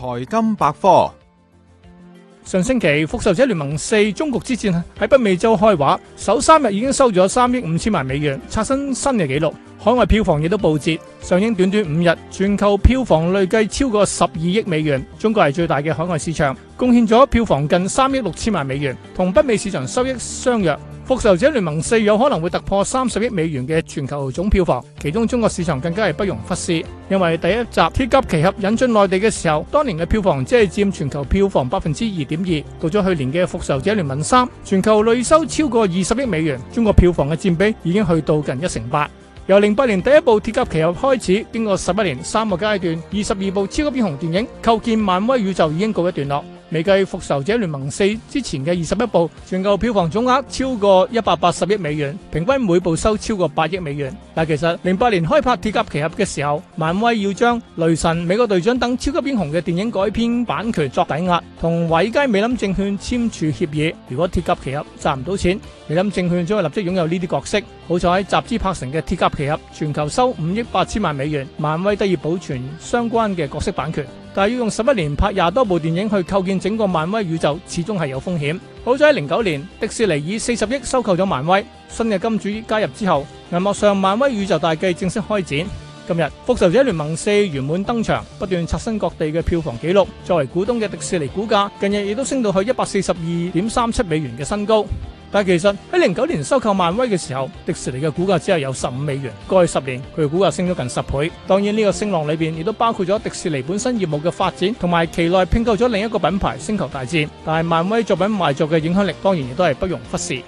財金百科，上星期《復仇者聯盟四：終局之戰》喺北美洲開畫，首三日已經收咗三億五千萬美元，刷新新嘅紀錄。海外票房亦都報捷，上映短短五日，全球票房累計超過十二億美元。中國係最大嘅海外市場，貢獻咗票房近三億六千萬美元，同北美市場收益相若。復仇者聯盟四有可能會突破三十億美元嘅全球總票房，其中中國市場更加係不容忽視。因為第一集《鐵甲奇俠》引進內地嘅時候，當年嘅票房只係占全球票房百分之二點二。到咗去年嘅《復仇者聯盟三》，全球累收超過二十億美元，中國票房嘅佔比已經去到近一成八。由零八年第一部《鐵甲奇俠》開始，經過十一年三個階段，二十二部超級英雄電影，構建漫威宇宙已經告一段落。未計《復仇者聯盟四》之前嘅二十一部，全球票房總額超過一百八十億美元，平均每部收超過八億美元。但其實零八年開拍《鐵甲奇俠》嘅時候，漫威要將雷神、美國隊長等超級英雄嘅電影改編版權作抵押，同華爾街美林證券簽署協議。如果《鐵甲奇俠》賺唔到錢，美林證券將會立即擁有呢啲角色。好彩集資拍成嘅《鐵甲奇俠》全球收五億八千萬美元，漫威得以保存相關嘅角色版權。但要用十一年拍廿多部電影去構建整個漫威宇宙，始終係有風險。好在喺零九年，迪士尼以四十億收購咗漫威，新嘅金主加入之後，銀幕上漫威宇宙大計正式開展。今日《復仇者聯盟四》圓滿登場，不斷刷新各地嘅票房紀錄。作為股東嘅迪士尼股價，近日亦都升到去一百四十二點三七美元嘅新高。但其實喺零九年收購漫威嘅時候，迪士尼嘅股價只係有十五美元。過去十年佢嘅股價升咗近十倍。當然呢個升浪裏邊亦都包括咗迪士尼本身業務嘅發展，同埋期內併購咗另一個品牌星球大戰。但係漫威作品賣座嘅影響力，當然亦都係不容忽視。